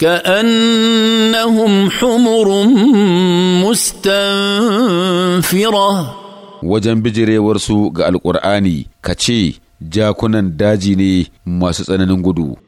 Ka annahum حمر mustafira. wajen bijirewarsu ga Alƙur'ani ka ce jakunan daji ne masu tsananin gudu.